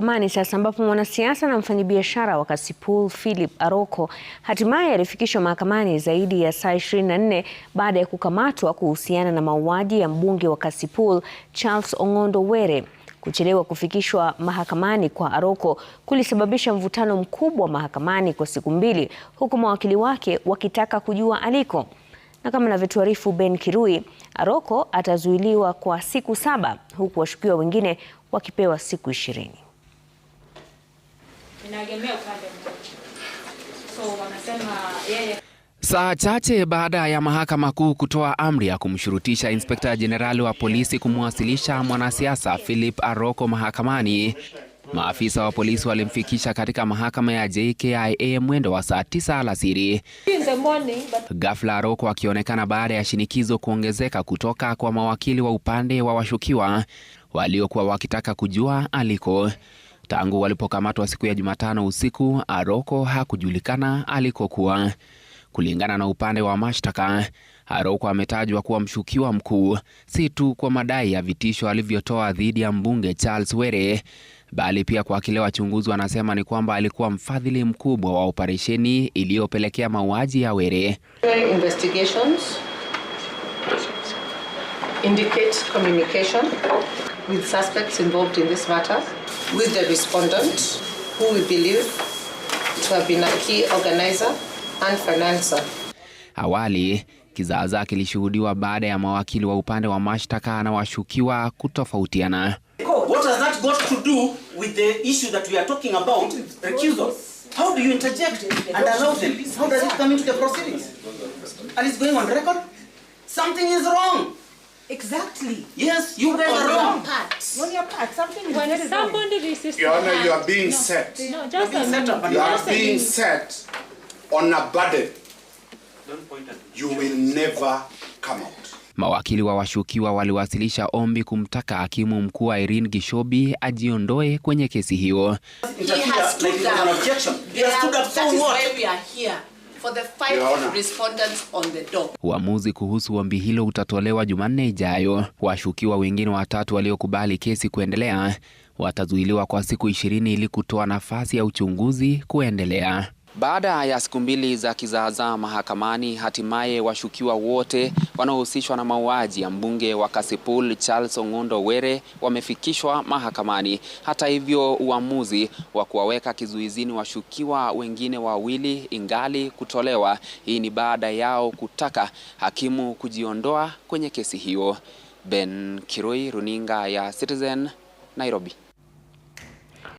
Pamani sasa ambapo mwanasiasa na mfanyabiashara wa Kasipul Philip Aroko hatimaye alifikishwa mahakamani zaidi ya saa 24 baada ya kukamatwa kuhusiana na mauaji ya mbunge wa Kasipul Charles Ong'ondo Were. Kuchelewa kufikishwa mahakamani kwa Aroko kulisababisha mvutano mkubwa mahakamani kwa siku mbili, huku mawakili wake wakitaka kujua aliko. Na kama anavyotuarifu Ben Kirui, Aroko atazuiliwa kwa siku saba huku washukiwa wengine wakipewa siku ishirini inaegemea upande mmoja, so wanasema yeye Saa chache baada ya mahakama kuu kutoa amri ya kumshurutisha inspekta jenerali wa polisi kumwasilisha mwanasiasa Philip Aroko mahakamani, maafisa wa polisi walimfikisha katika mahakama ya JKIA mwendo wa saa tisa alasiri. Ghafla Aroko akionekana baada ya shinikizo kuongezeka kutoka kwa mawakili wa upande wa washukiwa waliokuwa wakitaka kujua aliko. Tangu walipokamatwa siku ya Jumatano usiku, Aroko hakujulikana alikokuwa. Kulingana na upande wa mashtaka, Aroko ametajwa kuwa mshukiwa mkuu si tu kwa madai ya vitisho alivyotoa dhidi ya mbunge Charles Were, bali pia kwa kile wachunguzi wanasema ni kwamba alikuwa mfadhili mkubwa wa operesheni iliyopelekea mauaji ya Were. Indicate communication with suspects involved in this matter with the respondent who we believe to have been a key organizer and financer. Awali kizaazaa kilishuhudiwa baada ya mawakili wa upande wa mashtaka na washukiwa kutofautiana. What has that got to do with the issue that we are talking about, recusal? How do you interject and allow them? How does it come into the proceedings? And it's going on record? Something is wrong. Exactly. Yes, you were wrong. wrong. On your part, something when is When very wrong. resists Your Honor, you are being no. set. No, just being set up, You are being minute. set on a Don't point at me. You will never come out. Mawakili wa washukiwa waliwasilisha ombi kumtaka hakimu mkuu wa Irene Gishobi ajiondoe kwenye kesi hiyo. He has stood up. He has stood up. That is why we are here for the five respondents on the door. Uamuzi kuhusu ombi hilo utatolewa Jumanne ijayo. Washukiwa wengine watatu waliokubali kesi kuendelea watazuiliwa kwa siku ishirini ili kutoa nafasi ya uchunguzi kuendelea. Baada ya siku mbili za kizaazaa mahakamani, hatimaye washukiwa wote wanaohusishwa na mauaji ya mbunge wa Kasipul Charles Ong'ondo Were wamefikishwa mahakamani. Hata hivyo, uamuzi wa kuwaweka kizuizini washukiwa wengine wawili ingali kutolewa. Hii ni baada yao kutaka hakimu kujiondoa kwenye kesi hiyo. Ben Kirui, runinga ya Citizen, Nairobi.